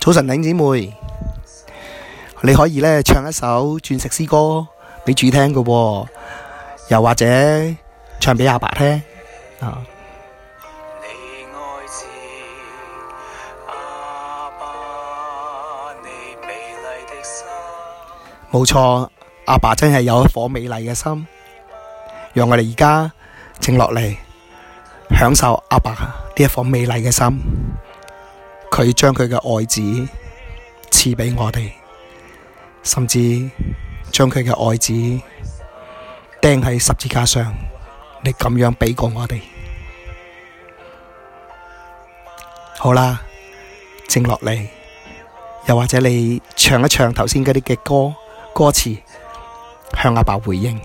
早晨，領姐妹，你可以呢唱一首鑽石詩歌俾主聽嘅，又或者唱俾阿爸聽。啊，你愛自阿爸，你美麗嘅心。冇錯，阿爸真係有一顆美麗嘅心，讓我哋而家靜落嚟，享受阿爸呢一顆美麗嘅心。佢將佢嘅愛子賜畀我哋，甚至將佢嘅愛子釘喺十字架上，你咁樣畀過我哋。好啦，靜落嚟，又或者你唱一唱頭先嗰啲嘅歌歌詞，向阿爸回應。